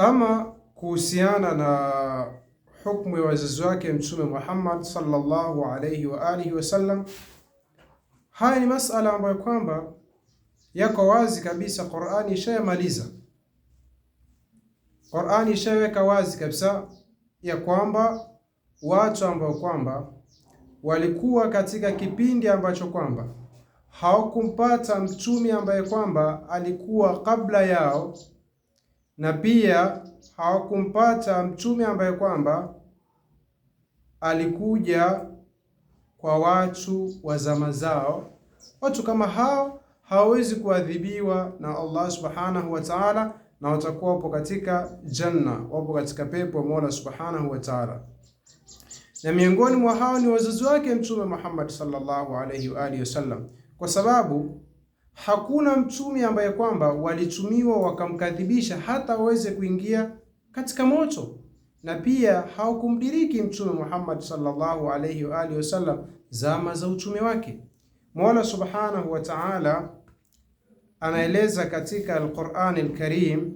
Ama kuhusiana na hukumu ya wazazi wake Mtume Muhammad sallallahu alayhi wa alihi wasallam, haya ni masala ambayo kwamba yako wazi kabisa, Qur'ani ishayamaliza. Qur'ani ishaweka wazi kabisa ya kwamba watu ambao kwamba walikuwa katika kipindi ambacho kwamba hawakumpata mtume ambaye kwamba alikuwa kabla yao na pia hawakumpata mtume ambaye kwamba alikuja kwa watu wa zama zao. Watu kama hao hawawezi kuadhibiwa na Allah subhanahu wa ta'ala, na watakuwa wapo katika janna, wapo katika pepo Mola subhanahu wa ta'ala. Na miongoni mwa hao ni wazazi wake Mtume Muhammad sallallahu alayhi wa alihi wasallam, kwa sababu hakuna mtume ambaye kwamba walitumiwa wakamkadhibisha hata waweze kuingia katika moto, na pia hawakumdiriki Mtume Muhammad sallallahu alayhi wa alihi wasallam zama za utume wake. Mola subhanahu wa ta'ala anaeleza katika Al-Qur'an al-Karim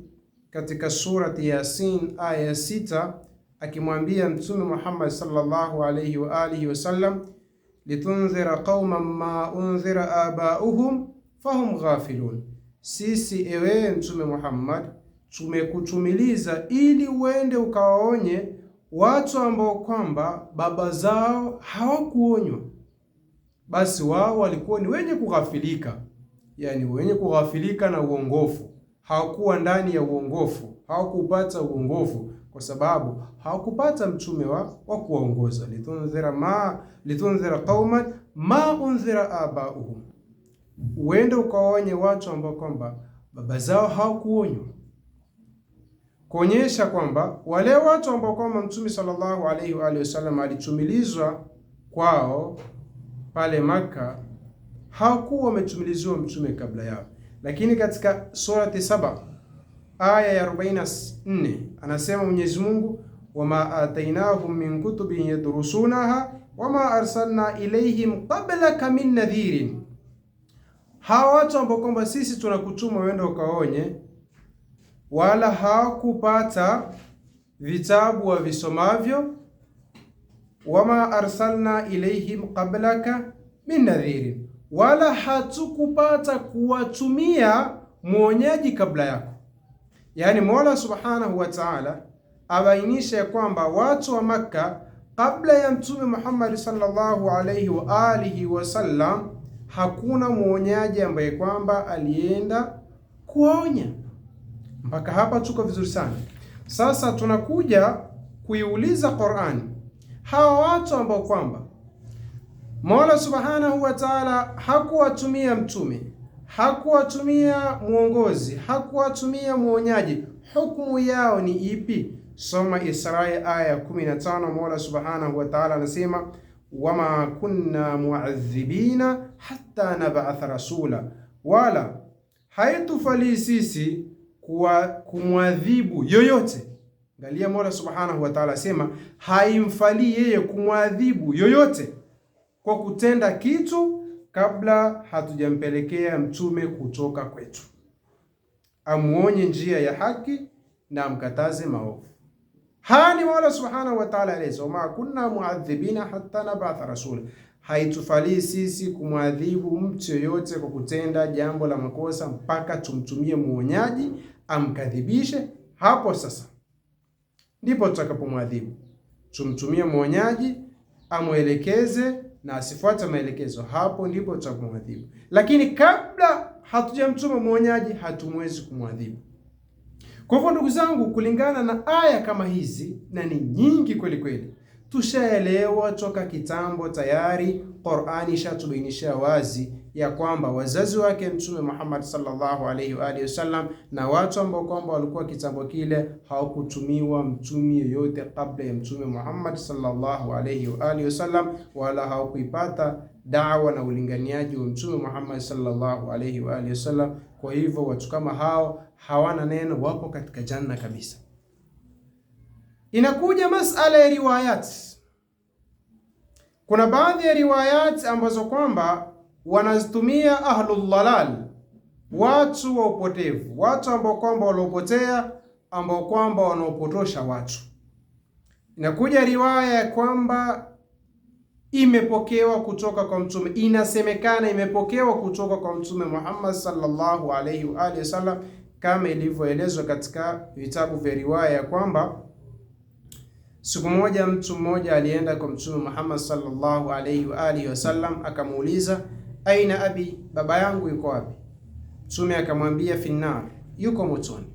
katika surati Yasin aya ya sita akimwambia Mtume Muhammad sallallahu alayhi wa alihi wasallam litunzira qauman ma unzira abauhum fahum ghafilun, sisi ewe Mtume Muhammad tumekutumiliza ili uende ukawaonye watu ambao kwamba baba zao hawakuonywa, basi wao walikuwa ni wenye kughafilika, yani wenye kughafilika na uongofu, hawakuwa ndani ya uongofu, hawakupata uongofu kwa sababu hawakupata mtume wa wa kuwaongoza. litundhira ma litundhira qauman ma unzira abauhum uende ukaonye watu ambao kwamba baba zao hawakuonywa, kuonyesha kwamba wale watu ambao kwamba Mtume sallallahu alaihi wa alihi wasallam alitumilizwa kwao pale Makka hawakuwa wametumiliziwa mtume kabla yao. Lakini katika surati saba aya ya 44 anasema Mwenyezi Mungu, wama atainahum min kutubin yadrusunaha wama arsalna ilaihim qablaka min nadhirin hawa watu ambao kwamba sisi tunakutuma uende ukaonye, wala hawakupata vitabu wavisomavyo, wama arsalna ilaihim qablaka min nadhirin, wala hatukupata kuwatumia mwonyaji kabla yako. Yaani Mola subhanahu wa taala abainisha ya kwamba watu wa Makka kabla ya Mtume Muhammad sallallahu alayhi wa alihi wasallam hakuna mwonyaji ambaye kwamba alienda kuwaonya. Mpaka hapa tuko vizuri sana. Sasa tunakuja kuiuliza Qurani, hawa watu ambao kwamba Mola Subhanahu wa Ta'ala hakuwatumia mtume, hakuwatumia mwongozi, hakuwatumia mwonyaji, hukumu yao ni ipi? Soma Israa aya ya 15. Mola Subhanahu wa Ta'ala anasema, wama kunna mu'adhibina hata nabaatha rasula, wala haitufalii sisi kumwadhibu yoyote. Angalia, Mola subhanahu wa taala asema haimfalii yeye kumwadhibu yoyote kwa kutenda kitu kabla hatujampelekea mtume kutoka kwetu amuonye njia ya haki na amkataze maovu. ni Mola subhanahu wa taala aleza, wama kunna muadhibina hatta nabatha rasula haitufalii sisi kumwadhibu mtu yoyote kwa kutenda jambo la makosa mpaka tumtumie muonyaji amkadhibishe. Hapo sasa ndipo tutakapomwadhibu, tumtumie muonyaji amwelekeze na asifuate maelekezo, hapo ndipo tutakapomwadhibu. Lakini kabla hatujamtuma muonyaji, hatumwezi kumwadhibu. Kwa hivyo, ndugu zangu, kulingana na aya kama hizi, na ni nyingi kweli kweli Tushaelewa toka kitambo tayari, Qur'ani ishatubainisha wazi ya kwamba wazazi wake Mtume Muhammad sallallahu alaihi wa alihi wasallam na watu ambao kwamba walikuwa kitambo kile hawakutumiwa mtumi yoyote kabla ya Mtume Muhammad sallallahu alaihi wa alihi wasallam, wala hawakuipata dawa na ulinganiaji wa Mtume Muhammad sallallahu alaihi wa alihi wasallam. Kwa hivyo watu kama hao hawana neno, wapo katika janna kabisa. Inakuja masala ya riwayat. Kuna baadhi ya riwayat ambazo kwamba wanazitumia dalal, watu wa upotevu, watu ambao kwamba waliopotea, ambao kwamba wanaopotosha watu. Inakuja riwaya ya kwamba imepokewa kutoka kwa Mtume, inasemekana imepokewa kutoka kwa Mtume Muhammad sallallahu alayhi wa alihi wasallam, kama ilivyoelezwa katika vitabu vya riwaya ya kwamba Siku moja mtu mmoja alienda kwa Mtume Muhammad sallallahu alayhi wa alihi wasallam, akamuuliza aina abi, baba yangu yuko wapi? Mtume akamwambia finnar, yuko motoni.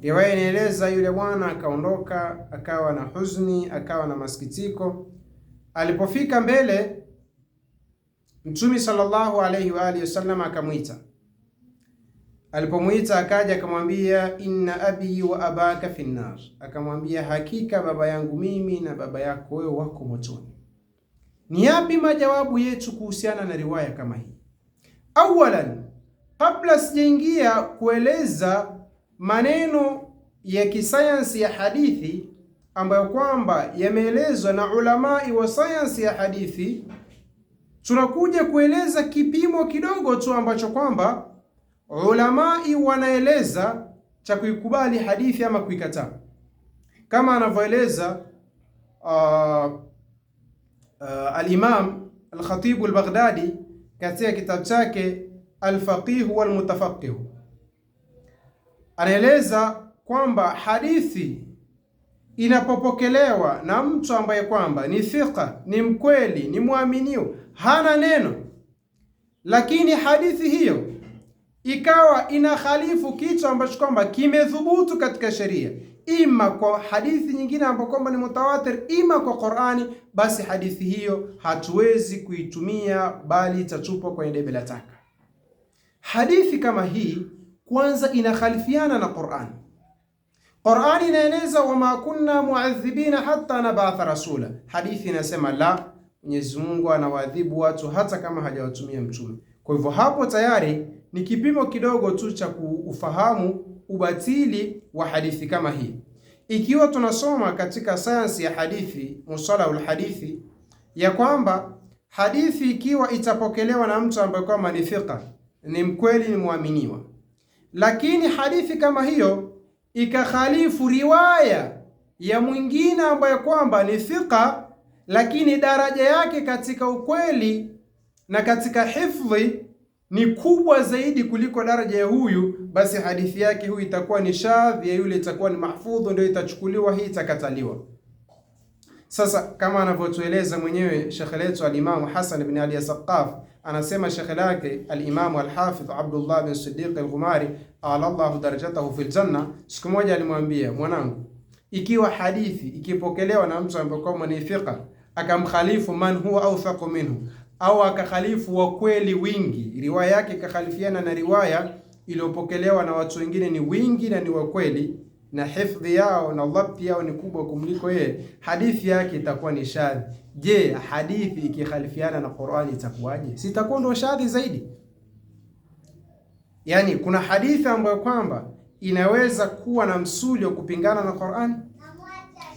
Riwaya inaeleza yule bwana akaondoka, akawa na huzuni, akawa na masikitiko. Alipofika mbele, Mtume sallallahu alayhi wa alihi wasallam akamwita Alipomwita akaja akamwambia, inna abi wa abaka fi nar akamwambia hakika baba yangu mimi na baba yako wewe wako motoni. Ni yapi majawabu yetu kuhusiana na riwaya kama hii? Awalan, kabla sijaingia kueleza maneno ya kisayansi ya hadithi ambayo kwamba yameelezwa na ulamai wa sayansi ya hadithi, tunakuja kueleza kipimo kidogo tu ambacho kwamba ulamai wanaeleza cha kuikubali hadithi ama kuikataa, kama anavyoeleza uh, uh, Alimam al-Khatib al-Baghdadi katika kitabu chake al-Faqih wal anaeleza kwamba hadithi inapopokelewa na mtu ambaye kwamba ni thiqa, ni mkweli, ni mwaminio, hana neno, lakini hadithi hiyo ikawa inahalifu kitu ambacho kwamba kimethubutu katika sheria, ima kwa hadithi nyingine ambayo kwamba ni mutawatir, ima kwa Qur'ani, basi hadithi hiyo hatuwezi kuitumia, bali itatupwa kwenye debe la taka. Hadithi kama hii kwanza inakhalifiana na Qur'ani. Qur'ani inaeleza wama kunna muadhibina hatta nabatha rasula, hadithi inasema la, Mwenyezi Mungu anawaadhibu watu hata kama hajawatumia mtume. Kwa hivyo hapo tayari ni kipimo kidogo tu cha kuufahamu ubatili wa hadithi kama hii. Ikiwa tunasoma katika sayansi ya hadithi, musalahul hadithi, ya kwamba hadithi ikiwa itapokelewa na mtu ambaye kwamba ni thiqa, ni mkweli, ni mwaminiwa, lakini hadithi kama hiyo ikakhalifu riwaya ya mwingine ambaye kwamba ni thiqa, lakini daraja yake katika ukweli na katika hifdhi ni kubwa zaidi kuliko daraja ya huyu, basi hadithi yake huyu itakuwa ni shadh, ya yule itakuwa ni mahfudhu, ndio itachukuliwa, hii itakataliwa. Sasa kama anavyotueleza mwenyewe shekhe letu alimamu Hasan ibn Ali Asaqaf, anasema shekhe lake alimamu alhafidh Abdullah bin Siddiq Alghumari Allah darajatahu fil janna, siku moja alimwambia, mwanangu, ikiwa hadithi ikipokelewa na mtu ambaye kwa ni thika akamkhalifu man huwa awthaqu minhu au akakhalifu wa kweli wingi. Riwaya yake ikakhalifiana na riwaya iliyopokelewa na watu wengine, ni wingi na ni wa kweli, na hifdhi yao na dhabti yao ni kubwa kumliko yeye, hadithi yake itakuwa ni shadhi. Je, hadithi ikikhalifiana na Qur'ani itakuwaje? Si itakuwa ndio shadhi zaidi? Yaani kuna hadithi ambayo kwamba inaweza kuwa na msuli wa kupingana na Qur'ani.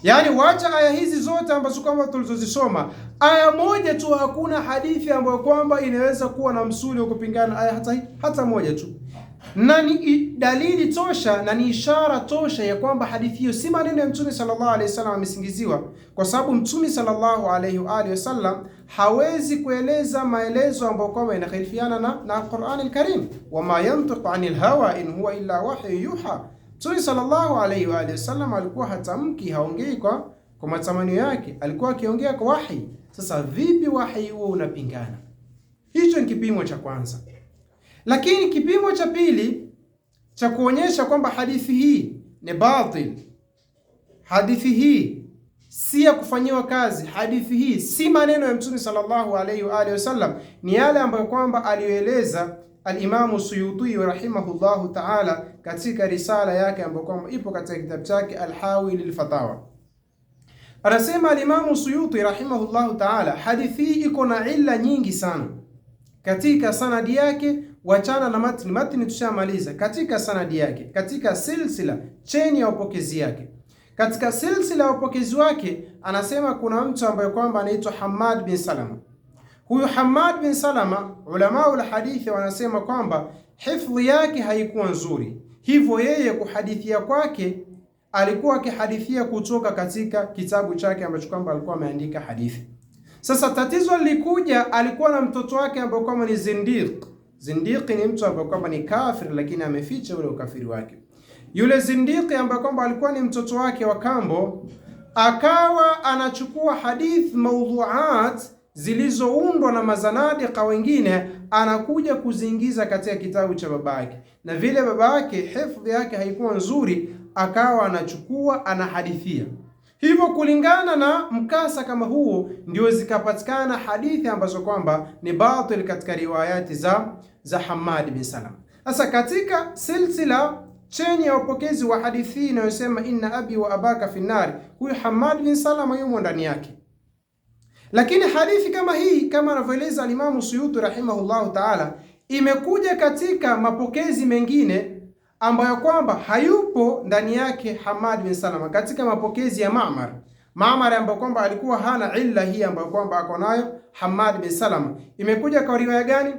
Yaani wacha aya hizi zote ambazo kwamba tulizozisoma aya moja tu, hakuna hadithi ambayo kwamba inaweza kuwa na msuli wa kupingana aya hata, hata moja tu, na ni dalili tosha na ni ishara tosha ya kwamba hadithi hiyo si maneno ya Mtume sallallahu alaihi wasallam amesingiziwa, kwa sababu Mtume sallallahu alaihi wa alihi wasallam hawezi kueleza maelezo ambayo kwamba inakhilifiana na, na Qur'anil Karim, wama yantiqu anil hawa in huwa illa wahyu yuha. Mtume sallallahu alaihi wa alihi wasallam alikuwa hatamki, haongei kwa kwa matamanio yake, alikuwa akiongea kwa wahi. Sasa vipi wahi huo unapingana? Hicho ni kipimo cha kwanza, lakini kipimo cha pili cha kuonyesha kwamba hadithi hii ni batil, hadithi hii si ya kufanyiwa kazi, hadithi hii si maneno ya Mtume sallallahu alayhi wa alihi wasallam, ni yale ambayo kwamba aliyoeleza Alimamu Suyuti rahimahullahu taala katika risala yake ambayo kwamba ipo katika kitabu chake Alhawi lilfatawa Anasema alimamu Suyuti rahimahullahu taala, hadithi hii iko na illa nyingi sana katika sanadi yake. Wachana na matni, matni tushamaliza. Katika sanadi yake, katika silsila cheni ya upokezi yake, katika silsila ya upokezi wake, anasema kuna mtu ambaye kwamba anaitwa Hamad bin Salama. Huyu Hamad bin Salama, ulamau lhadithi wanasema kwamba hifdhi yake haikuwa nzuri, hivyo yeye kuhadithia kwake alikuwa akihadithia kutoka katika kitabu chake ambacho kwamba alikuwa ameandika hadithi. Sasa tatizo lilikuja, alikuwa na mtoto wake ambaye kwamba ni zindiq. Zindiq ni mtu ambaye kwamba ni kafir, lakini ameficha ule ukafiri wake. Yule Zindiq ambaye kwamba alikuwa ni mtoto wake wa kambo, akawa anachukua hadith maudhuat zilizoundwa na mazanadika wengine, anakuja kuziingiza katika kitabu cha babake, na vile babake hifadhi yake haikuwa nzuri akawa anachukua anahadithia. Hivyo kulingana na mkasa kama huo ndio zikapatikana hadithi ambazo kwamba ni batil katika riwayati za za Hamad bin Salam. Sasa katika silsila cheni ya upokezi wa hadithi inayosema inna abi wa abaka finnari, huyu Hamad bin Salam yumo ndani yake. Lakini hadithi kama hii kama anavyoeleza alimamu Suyuti rahimahullahu taala imekuja katika mapokezi mengine ambayo kwamba hayupo ndani yake Hamad bin Salama katika mapokezi ya Ma'mar. Ma'mar ambayo kwamba alikuwa hana illa hii ambayo kwamba ako nayo Hamad bin Salama. Imekuja kwa riwaya gani?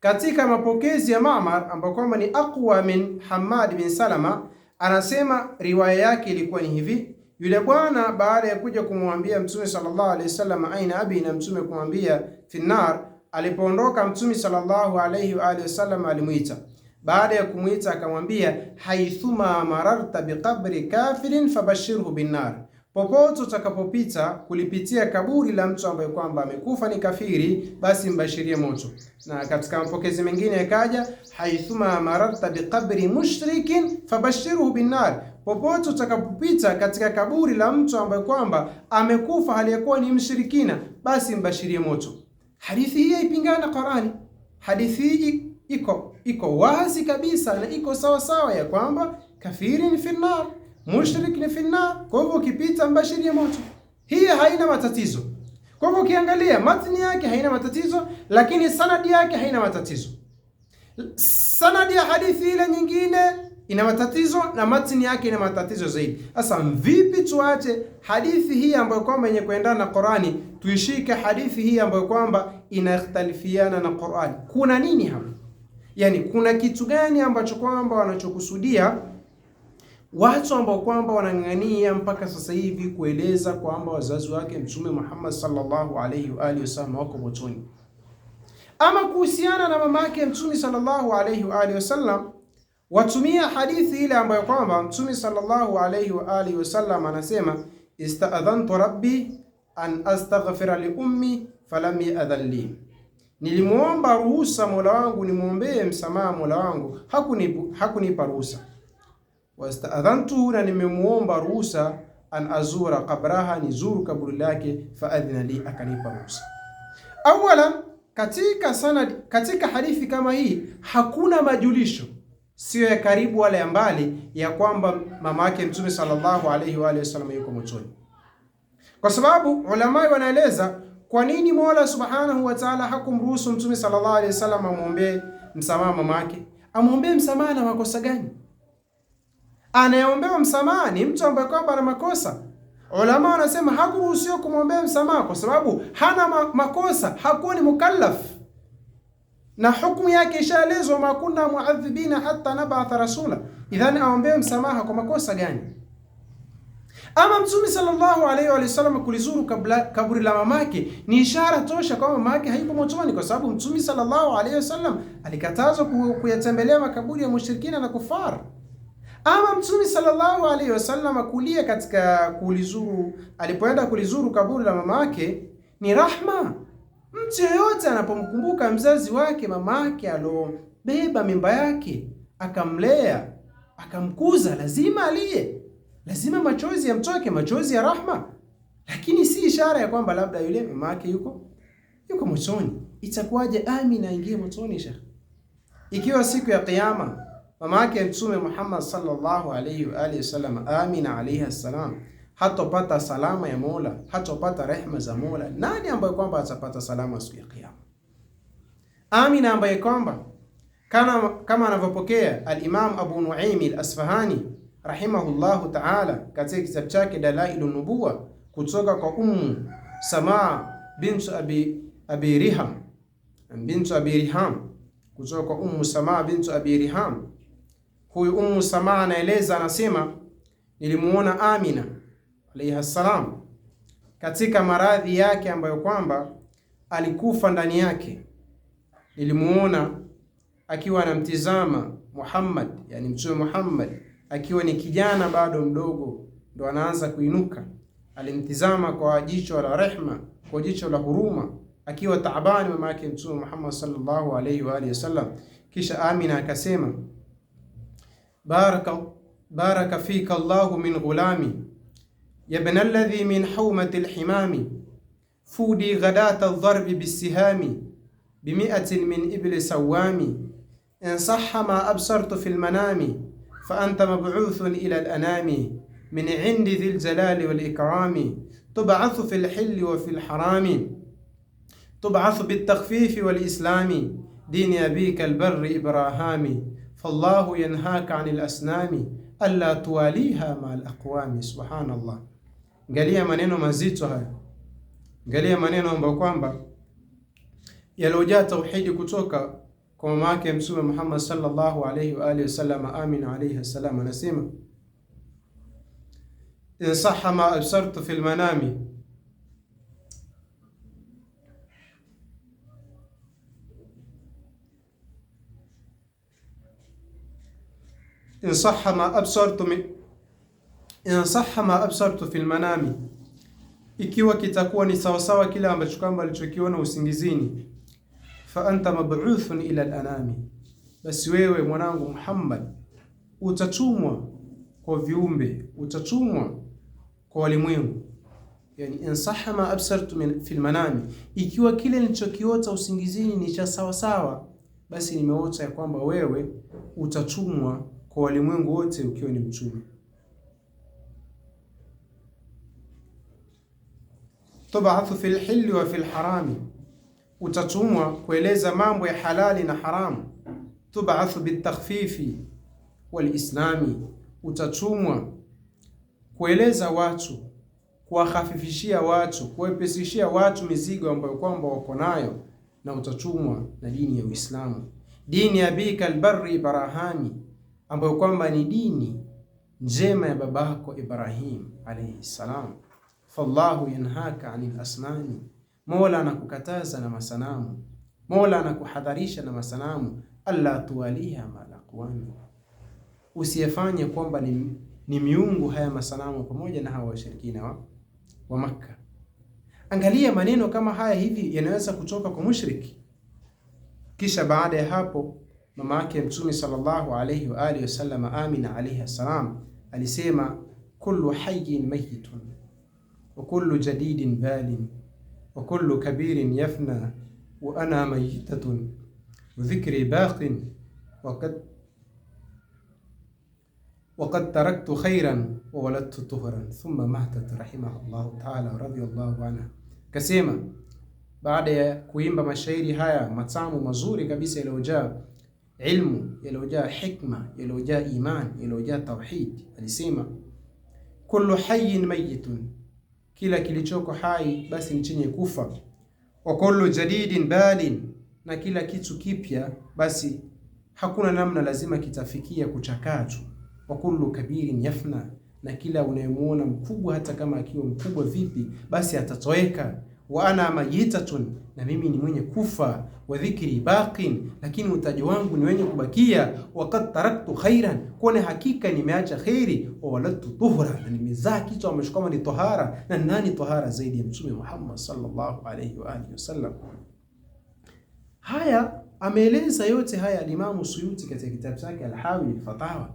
Katika mapokezi ya Ma'mar ambayo kwamba ni aqwa min Hamad bin Salama, anasema riwaya yake ilikuwa ni hivi: yule bwana baada ya kuja kumwambia Mtume sallallahu alaihi wasallam aina abi, na Mtume kumwambia finnar, alipoondoka Mtume sallallahu alaihi wa alihi wasallam alimuita baada ya kumwita akamwambia, haithuma mararta biqabri kafirin fabashirhu binnar, popote utakapopita kulipitia kaburi la mtu ambaye kwamba amekufa ni kafiri, basi mbashirie moto. Na katika mapokezi mengine yakaja, haithuma mararta biqabri mushrikin fabashirhu binnar popote utakapopita katika kaburi la mtu ambaye kwamba amekufa aliyekuwa ni mshirikina basi mbashirie moto. Hadithi hii haipingana Qurani, hadithi hii iko iko wazi kabisa na iko sawa sawa ya kwamba kafiri ni finnar, mushrik ni finnar. Kwa hivyo ukipita mbashiri ya moto, hii haina matatizo. Kwa hivyo ukiangalia matni yake haina matatizo, lakini sanadi yake haina matatizo. Sanadi ya hadithi ile nyingine ina matatizo na matni yake ina matatizo zaidi. Sasa vipi tuache hadithi hii ambayo kwamba yenye kuendana na Qur'ani, tuishike hadithi hii ambayo kwamba inakhtalifiana na Qur'ani? Kuna nini hapa? Yaani kuna kitu gani ambacho kwamba wanachokusudia watu ambao kwamba wanang'ang'ania mpaka sasa hivi kueleza kwamba wazazi wake Mtume Muhammad sallallahu alayhi wa alihi wasallam wako motoni, ama kuhusiana na mama yake Mtume sallallahu alayhi wa alihi wasallam watumia hadithi ile ambayo kwamba Mtume sallallahu alayhi wa alihi wasallam anasema istaadhantu rabbi an astaghfira li ummi falam yadhalli nilimuomba ruhusa Mola wangu nimwombee msamaha Mola wangu, hakunipa hakunipa ruhusa. Wastaadhantu, na nimemuomba ruhusa an azura qabraha, nizuru kaburi lake, faadhina li, akanipa ruhusa. Awala, katika sanad, katika hadithi kama hii hakuna majulisho siyo ya karibu wala ya mbali ya kwamba mama yake Mtume sallallahu alayhi wa alihi wasallam yuko motoni, kwa sababu ulamai wanaeleza kwa nini Mola Subhanahu wa Ta'ala hakumruhusu Mtume sallallahu alaihi wasallam amwombee msamaha yake? Amwombee msamaha na makosa gani? Anayeombewa msamaha ni mtu ambaye kwamba ana makosa. Ulama wanasema hakuruhusiwa kumwombea msamaha kwa sababu hana makosa, hakuwa ni mukallaf na hukumu yake ishaelezwa, makuna muadhibina hata nabatha rasula. Idhani aombee msamaha kwa makosa gani? Ama Mtume sallallahu alaihi wa sallam kulizuru kabla, kaburi la mamake ni ishara tosha kwamba mamake hayupo motoni, kwa sababu Mtume sallallahu alaihi wa sallam alikatazwa kuyatembelea makaburi ya mushrikina na kufar. Ama Mtume sallallahu alaihi wasallam akulia katika kulizuru, alipoenda kulizuru kaburi la mamake ni rahma. Mtu yeyote anapomkumbuka mzazi wake, mamake aliobeba mimba yake akamlea akamkuza, lazima alie lazima machozi yamtoke, machozi ya rahma, lakini si ishara ya kwamba labda yule mama yake yuko yuko motoni. Itakuwaje Amina aingie motoni shekh, ikiwa siku ya Kiyama mama yake Mtume Muhammad sallallahu alayhi wa alihi wasallam, Amina alayha salam hatopata salama ya Mola, hatopata rehma za Mola, nani ambaye kwamba atapata salama siku ya Kiyama? Amina ambaye kwamba kama, kama anavyopokea al-Imam Abu Nuaym al-Isfahani al-Asfahani rahimahullahu ta'ala katika kitabu chake Dalailu Nubuwa kutoka kwa Ummu Samaa bintu Abi, Abi Riham bintu Abi Riham kutoka kwa Ummu Samaa bintu Abi Riham. Huyu Ummu Samaa anaeleza, anasema nilimuona Amina alayha salam katika maradhi yake ambayo kwamba alikufa ndani yake. Nilimuona akiwa anamtizama Muhammad, yani Mtume Muhammad akiwa ni kijana bado mdogo, ndo anaanza kuinuka. Alimtizama kwa jicho la rehma, kwa jicho la huruma, akiwa taabani mama yake Mtume Muhammad sallallahu alayhi wa alihi wasallam. Kisha Amina akasema baraka, baraka fika Allahu min ghulami yabna alladhi min hawmati alhimami fudi ghadata aldharbi bisihami bimiatin min ibli sawami in sahha ma absartu fi lmanami فأنت مبعوث إلى الأنام من عند ذي الجلال والإكرام تبعث في الحل وفي الحرام تبعث بالتخفيف والإسلام دين أبيك البر إبراهام فالله ينهاك عن الأسنام ألا تواليها مع الأقوام سبحان الله قال angalia قال mazito haya angalia maneno ambayo kwamba جاء توحيد كتوكا kwa mama yake Mtume Muhammad sallallahu alayhi wa alihi wasallam, amin alayhi salam, anasema in sahha ma absartu fil manami in sahha ma absartu min in sahha ma absartu fil manami, ikiwa kitakuwa ni sawasawa kile ambacho kwamba alichokiona usingizini fa anta mab'uthun ila lanami basi wewe mwanangu Muhammad utatumwa kwa viumbe, utatumwa kwa walimwengu. Yani insaha ma absartu fi lmanami, ikiwa kile nilichokiota usingizini ni cha sawasawa, basi nimeota ya kwamba wewe utatumwa kwa walimwengu wote ukiwa ni mtume. tubathu fi lhilli wa fi lharami utatumwa kueleza mambo ya halali na haramu. Tubathu bitakhfifi walislami, utatumwa kueleza watu, kuwakhafifishia watu, kuwepesishia watu mizigo ambayo kwamba wako nayo, na utatumwa na dini ya Uislamu, dini ya bika albari Ibrahami, ambayo kwamba ni dini njema ya babako Ibrahim alayhi salam. Fallahu yanhaka anil lasnani Mola anakukataza na masanamu, Mola anakuhadharisha na masanamu, Allah tuwaliha malakwanu, usiyefanye kwamba ni, ni miungu haya masanamu pamoja na hawa washirikina wa, wa Makka. Angalia maneno kama haya hivi yanaweza kutoka kwa mushriki. Kisha baada ya hapo mama yake Mtume sallallahu alayhi wa alihi wasallam, Amina alayhi salam, alisema kullu hayyin mayitun wa kullu jadidin balin وكل كبير يفنى وأنا ميتة وذكري باق وقد وقد تركت خيرا وولدت طهرا ثم ماتت رحمه الله تعالى رضي الله عنها كسيما بعد كويمبا مشايري هايا متسامو مزوري كبيس يلو جاء علم يلو جاء حكمة يلو جاء إيمان يلو جاء توحيد كل حي ميت kila kilichoko hai basi ni chenye kufa, wa kullu jadidin balin, na kila kitu kipya basi hakuna namna, lazima kitafikia kuchakaa Wa kullu kabirin yafna, na kila unayemuona mkubwa hata kama akiwa mkubwa vipi, basi atatoweka wa ana mayitatun, na mimi ni mwenye kufa. Wa dhikri baqin, lakini utajo wangu ni wenye kubakia. Wa qad taraktu khairan, kuone hakika nimeacha khairi. Wa waladtu tuhra, na nimezaa kitu ambacho kama ni tahara. Na nani tahara zaidi ya Mtume Muhammad sallallahu alayhi wa alihi wasallam? Haya ameeleza yote haya Alimamu Suyuti katika kitabu chake Alhawi Fatawa,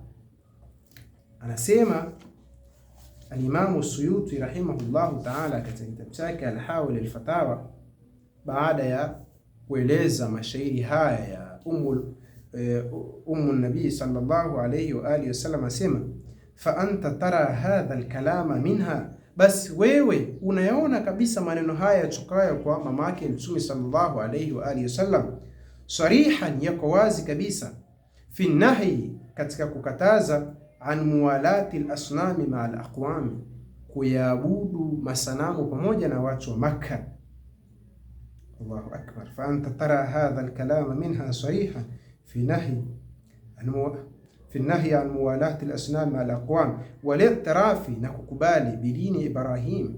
anasema Alimamu Suyuti rahimahullahu taala katika kitabu chake Alhawil Alfatawa, baada ya kueleza mashairi haya ya eh, ummu nabii sallallahu alayhi wa alihi wasallam, asema fa anta tara hadha alkalama minha, basi wewe unayaona kabisa maneno haya yatokayo kwa mama yake Mtume sallallahu alayhi wa alihi wasallam, sarihan, yako wazi kabisa, fi nahi, katika kukataza an muwalati al-asnami ma al-aqwami, kuyaabudu masanamu pamoja na watu wa Makka. Allahu akbar. Fa anta tara hadha al-kalama minha sariha fi nahyi fi nahyi an muwalati al-asnami ma al-aqwam wal i'tirafi, na kukubali bidini Ibrahim.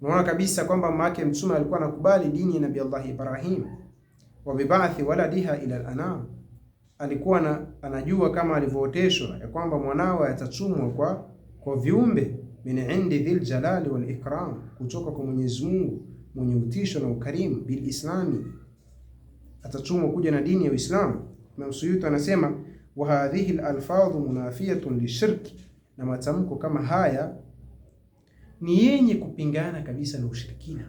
Unaona kabisa kwamba mama yake Mtume alikuwa anakubali dini ya Nabii Allah Ibrahim wa bibathi waladiha ila al-anam, alikuwa na anajua kama alivyooteshwa ya kwamba mwanawe atachumwa kwa kwa viumbe min indi dhil jalali wal ikram, kutoka kwa Mwenyezi Mungu mwenye utisho na ukarimu, bil islami, atachumwa kuja na dini ya Uislamu. Imam Suyuti anasema wa hadhihi al alfadhu munafiyatun lishirki, na matamko kama haya ni yenye kupingana kabisa na ushirikina.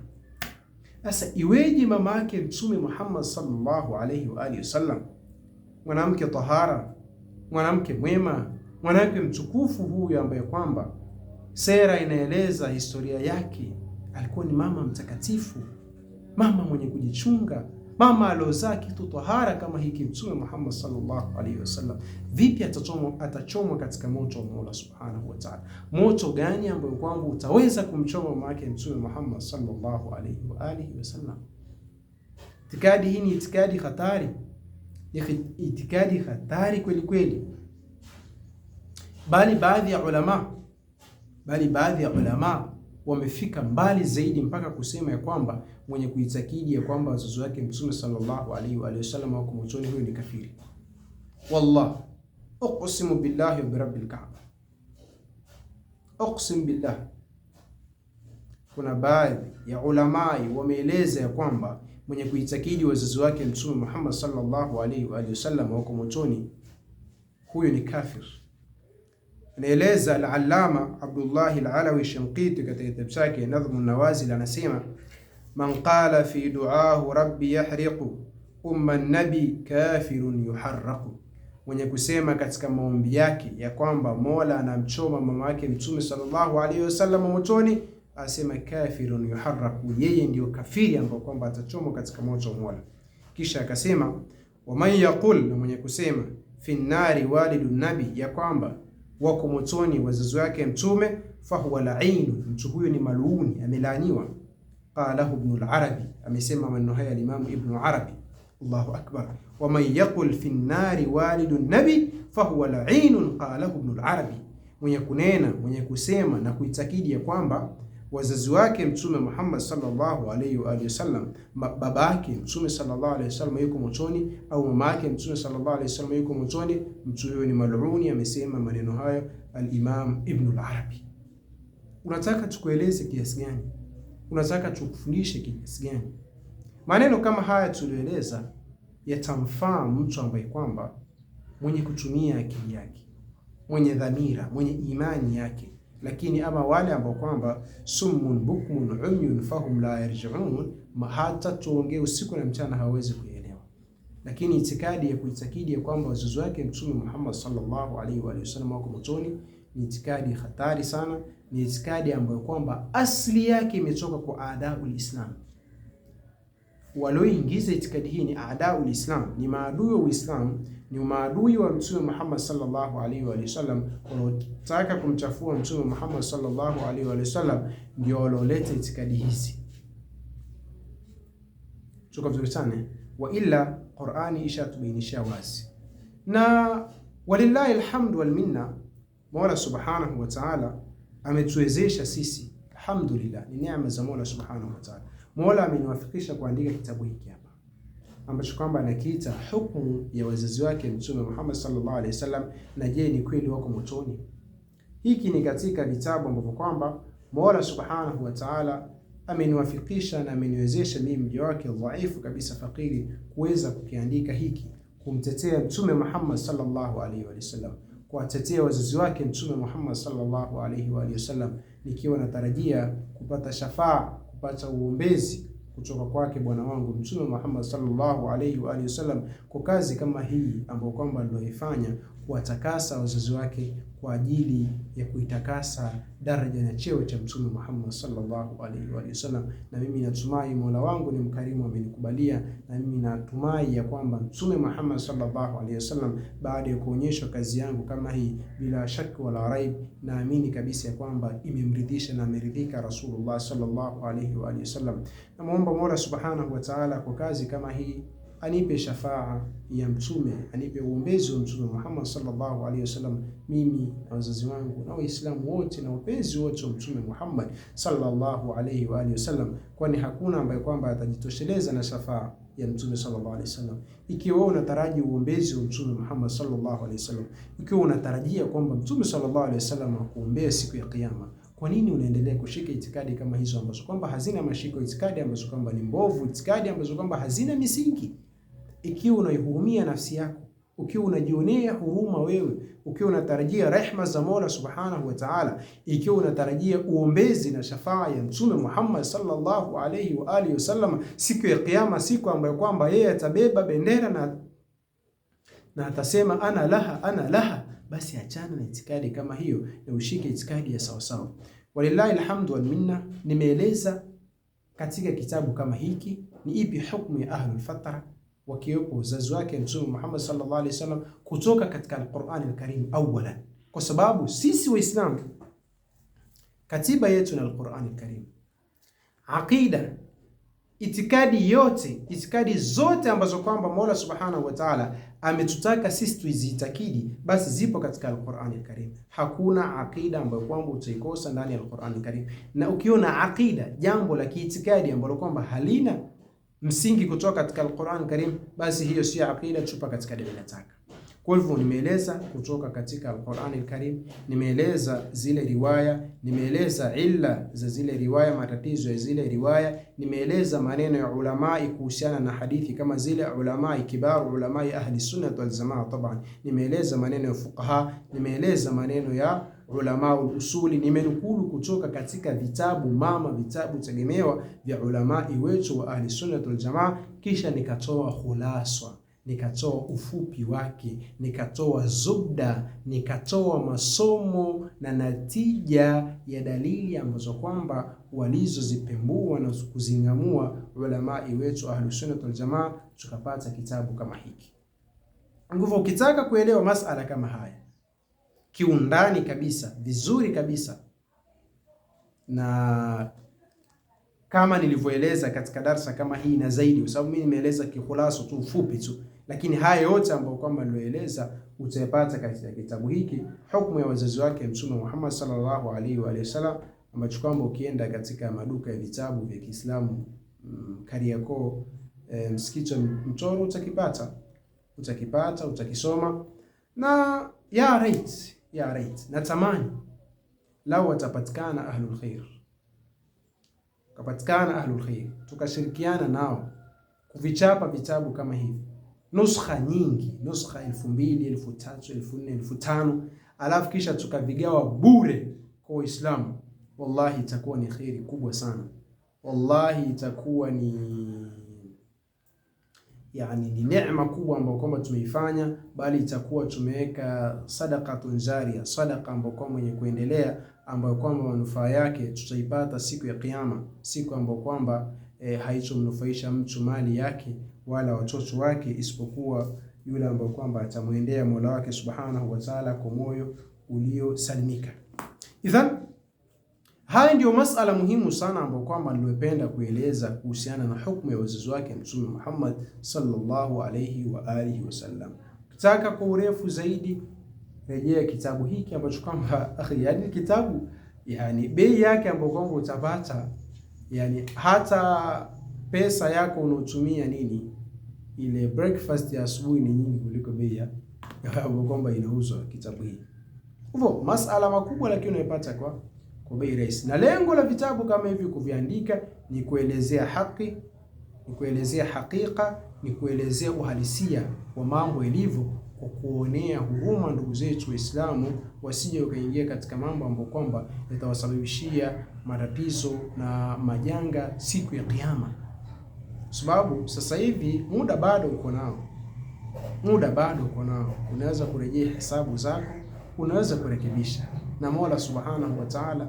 Sasa iweje mama yake Mtume Muhammad sallallahu alayhi wa alihi wasallam mwanamke tahara, mwanamke mwema, mwanamke mtukufu huyu ambaye kwamba sera inaeleza historia yake. Alikuwa ni mama mtakatifu, mama mwenye kujichunga, mama aliozaa kitu tahara kama hiki, Mtume Muhammad sallallahu alaihi wasallam. Vipi atachomwa? Atachomwa katika moto wa Mola subhanahu wa ta'ala. Moto gani ambayo kwangu utaweza kumchoma mama Mtume Muhammad sallallahu alaihi wa alihi wasallam? Itikadi hii ni itikadi hatari itikadi hatari kweli kweli, bali baadhi ya ulama bali baadhi ya ulama wamefika mbali zaidi mpaka kusema ya kwamba mwenye kuitakidi ya kwamba wazazi wake Mtume sallallahu alaihi wa alihi wasallam wako motoni, huyo ni kafiri. Wallah, uqsimu billahi wa birabbil kaaba, uqsim billah. Kuna baadhi ya ulamai wameeleza ya kwamba mwenye kuitakidi wazazi wake Mtume Muhammad sallallahu alaihi wa alihi wasallam wako motoni, huyo ni kafir. Anaeleza al-Allama Abdullah al-Alawi Shanqiti katika kitabu chake Nadhmu Nawazil, anasema man qala fi duahu rabbi yahriqu umma nabi kafirun yuharraqu, mwenye kusema katika maombi yake ya kwamba Mola anamchoma mama yake Mtume sallallahu alaihi wasallam motoni asema kafirun yuharraku, yeye ndio kafiri ambao kwamba atachomwa katika moto wa Mola. Kisha akasema waman yaqul, na mwenye kusema fi nnari walidu nabi, ya kwamba wako motoni wazazi wake Mtume, fahuwa lainu, mtu huyo ni maluuni, amelaaniwa. Qalahu Ibn al-Arabi, amesema maneno haya alimamu Ibn Arabi. Allahu akbar. Waman yaqul fi nnari walidu nabi fahuwa lainun qalahu Ibn al-Arabi, mwenye kunena mwenye kusema na kuitakidi ya kwamba wazazi wake Mtume Muhammad sallallahu alayhi wa alihi wasallam, babake Mtume sallallahu alayhi wasallam yuko motoni au mama yake Mtume sallallahu alayhi wasallam yuko motoni, mtu huyo ni maluni. Amesema maneno hayo al-Imam Ibn al-Arabi. Unataka tukueleze kiasi gani? Unataka tukufundishe kiasi gani? Maneno kama haya tulioeleza yatamfaa mtu ambaye kwamba mwenye kutumia akili yake, mwenye dhamira, mwenye imani yake lakini ama wale ambao kwamba summun bukmun umyun fahum la yarji'un, hata tuongee usiku na mchana hawawezi kuelewa. Lakini itikadi ya kuitakidi ya kwamba wazazi wake Mtume Muhammad sallallahu alaihi wa sallam wako motoni ni itikadi hatari sana, ni itikadi ambayo kwamba asili yake imetoka kwa adabu Uislamu walioingiza itikadi hii ni aadaul Islam, ni maadui wa Uislamu, ni maadui wa Mtume Muhammad sallallahu alaihi wa sallam, wanaotaka kumchafua Mtume Muhammad sallallahu alaihi wa sallam, ndio walioleta itikadi hizi. Tuko vizuri sana eh? wa ila Qur'ani ishatubainisha wazi, na walillahi alhamdu wal minna, Mola subhanahu wa ta'ala ametuwezesha sisi, alhamdulillah, ni neema za Mola subhanahu wa ta'ala Mola ameniwafikisha kuandika kitabu hiki hapa ambacho kwamba anakiita hukumu ya wazazi wake Mtume Muhammad sallallahu alaihi wasallam, na je, ni kweli wako motoni? Hiki ni katika vitabu ambavyo kwamba Mola subhanahu wa Ta'ala ameniwafikisha na ameniwezesha mimi mja wake dhaifu kabisa, fakiri, kuweza kukiandika hiki kumtetea Mtume Muhammad sallallahu alaihi wasallam, kuwatetea wazazi wake Mtume Muhammad sallallahu alaihi wasallam, nikiwa natarajia kupata shafaa kupata uombezi kutoka kwake Bwana wangu Mtume Muhammad sallallahu alaihi wa alihi wasallam kwa kazi kama hii ambayo kwamba aliloifanya kuwatakasa wazazi wake kwa ajili ya kuitakasa daraja na cheo cha Mtume Muhammad sallallahu alaihi wa sallam. Na mimi natumai Mola wangu ni mkarimu, amenikubalia, na mimi natumai ya kwamba Mtume Muhammad sallallahu alaihi wasallam, baada ya kuonyeshwa kazi yangu kama hii, bila shaka wala raib, naamini kabisa ya kwamba imemridhisha na ameridhika Rasulullah sallallahu alaihi wa sallam. Namuomba Mola subhanahu wa ta'ala kwa kazi kama hii anipe shafaa ya mtume, anipe uombezi wa mtume Muhammad sallallahu alaihi wasallam, mimi na wazazi wangu na Waislamu wote na wapenzi wote wa mtume Muhammad sallallahu alaihi wa alihi wasallam, kwani hakuna ambaye kwamba atajitosheleza na shafaa ya mtume sallallahu alaihi wasallam. Ikiwa wewe unataraji uombezi wa mtume Muhammad sallallahu alaihi wasallam, ikiwa unatarajia kwamba mtume sallallahu alaihi wasallam akuombea siku ya kiyama, kwa nini unaendelea kushika itikadi kama hizo ambazo kwamba hazina mashiko, itikadi ambazo kwamba ni mbovu, itikadi ambazo kwamba hazina misingi? ikiwa unaihurumia nafsi yako, ukiwa unajionea huruma wewe, ukiwa unatarajia rehma za Mola Subhanahu wa Ta'ala, ikiwa unatarajia uombezi na shafaa ya Mtume Muhammad sallallahu alayhi wa alihi wasallam siku ya Kiyama, siku ambayo kwamba yeye atabeba bendera na na atasema ana laha ana laha, basi achana na itikadi kama hiyo na ushike itikadi ya sawasawa. Walillahi alhamdu wal minna. Nimeeleza katika kitabu kama hiki ni ipi hukumu ya ahlul fatra wakiwepo wazazi wake Mtume Muhammad sallallahu alaihi wasallam kutoka katika Al-Qur'an Al-Karim awala, kwa sababu sisi Waislamu katiba yetu na Al-Qur'an Al-Karim, aqida, itikadi yote, itikadi zote ambazo kwamba Mola Subhanahu wa Ta'ala ametutaka sisi tuizitakidi, basi zipo katika Al-Qur'an Al-Karim. Hakuna aqida ambayo kwamba utaikosa ndani ya Al-Qur'an Al-Karim, na ukiona aqida, jambo la kiitikadi ambalo kwamba halina msingi kutoka katika Al-Qur'an Karim, basi hiyo si aqida chupa katika dini nataka. Kwa hivyo nimeeleza kutoka katika Al-Qur'an Al-Karim, nimeeleza zile riwaya, nimeeleza illa za zile riwaya, matatizo ya zile riwaya, nimeeleza maneno ya ulamai kuhusiana na hadithi kama zile ulamai kibaru, ulamai ahli sunna wal jamaa, taban, nimeeleza maneno ya fuqaha, nimeeleza maneno ya ulama usuli, nimenukulu kutoka katika vitabu mama, vitabu tegemewa vya ulamai wetu wa ahli sunnat wal jamaa, kisha nikatoa khulaswa nikatoa ufupi wake, nikatoa zubda, nikatoa masomo na natija ya dalili ambazo kwamba walizozipembua na kuzing'amua ulamai wetu wal Jamaa, tukapata kitabu kama hiki. Nguvu, ukitaka kuelewa masala kama haya kiundani kabisa vizuri kabisa, na kama nilivyoeleza katika darsa kama hii na zaidi, kwa sababu mimi nimeeleza kihulaso tu ufupi tu, lakini haya yote ambayo kwamba nilioeleza utayapata katika kitabu hiki hukumu ya wazazi wake Mtume Muhammad sallallahu alaihi wa alihi wasallam, ambacho kwamba ukienda katika maduka ya vitabu vya Kiislamu mm, Kariakoo, e, msikiti wa Mtoro utakipata, utakipata utakisoma na ya right ya rait, natamani lau watapatikana ahlul khair, kapatikana ahlul khair, tukashirikiana nao kuvichapa vitabu kama hivi, nuskha nyingi, nuskha elfu mbili elfu tatu elfu nne elfu tano alafu kisha tukavigawa bure kwa Waislamu, wallahi itakuwa ni kheri kubwa sana, wallahi itakuwa ni yani ni neema kubwa ambayo kwamba tumeifanya, bali itakuwa tumeweka sadaqatun jaria, sadaka ambayo kwamba mwenye kuendelea, ambayo kwamba manufaa yake tutaipata siku ya Kiyama, siku ambayo kwamba e, eh, haitomnufaisha mtu mali yake wala watoto wake isipokuwa yule ambaye kwamba atamwendea Mola wake subhanahu wa taala kwa moyo uliosalimika idhan Haya ndiyo masala muhimu sana ambayo kwamba nilipenda kueleza kuhusiana na hukumu ya wazazi wake Mtume Muhammad sallallahu alayhi wa alihi wasallam. Ukitaka kwa urefu zaidi, rejea kitabu hiki ambacho kwamba yani kitabu yani bei yake ambayo kwamba utapata yani hata pesa yako unaotumia nini ile breakfast ya asubuhi ni nyingi kuliko bei ya ambayo kwamba inauzwa kitabu hiki. Hivyo masala makubwa, lakini unaipata kwa kwa bei rahisi. Na lengo la vitabu kama hivi kuviandika ni kuelezea haki, ni kuelezea hakika, ni kuelezea uhalisia wa mambo yalivyo, kwa kuonea huruma ndugu zetu Waislamu wasije wakaingia katika mambo ambayo kwamba yatawasababishia matatizo na majanga siku ya Kiyama, sababu sasa hivi muda bado uko nao, muda bado uko nao. Unaweza kurejea hesabu zako, unaweza kurekebisha. na Mola Subhanahu wa Ta'ala.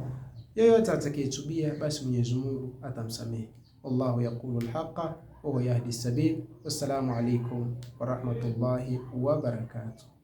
Yeyote atakayetubia basi Mwenyezi Mungu atamsamehe. Wallahu yaqulu alhaqa wa huwa yahdi sabil. Wassalamu alaykum wa rahmatullahi wa barakatuh.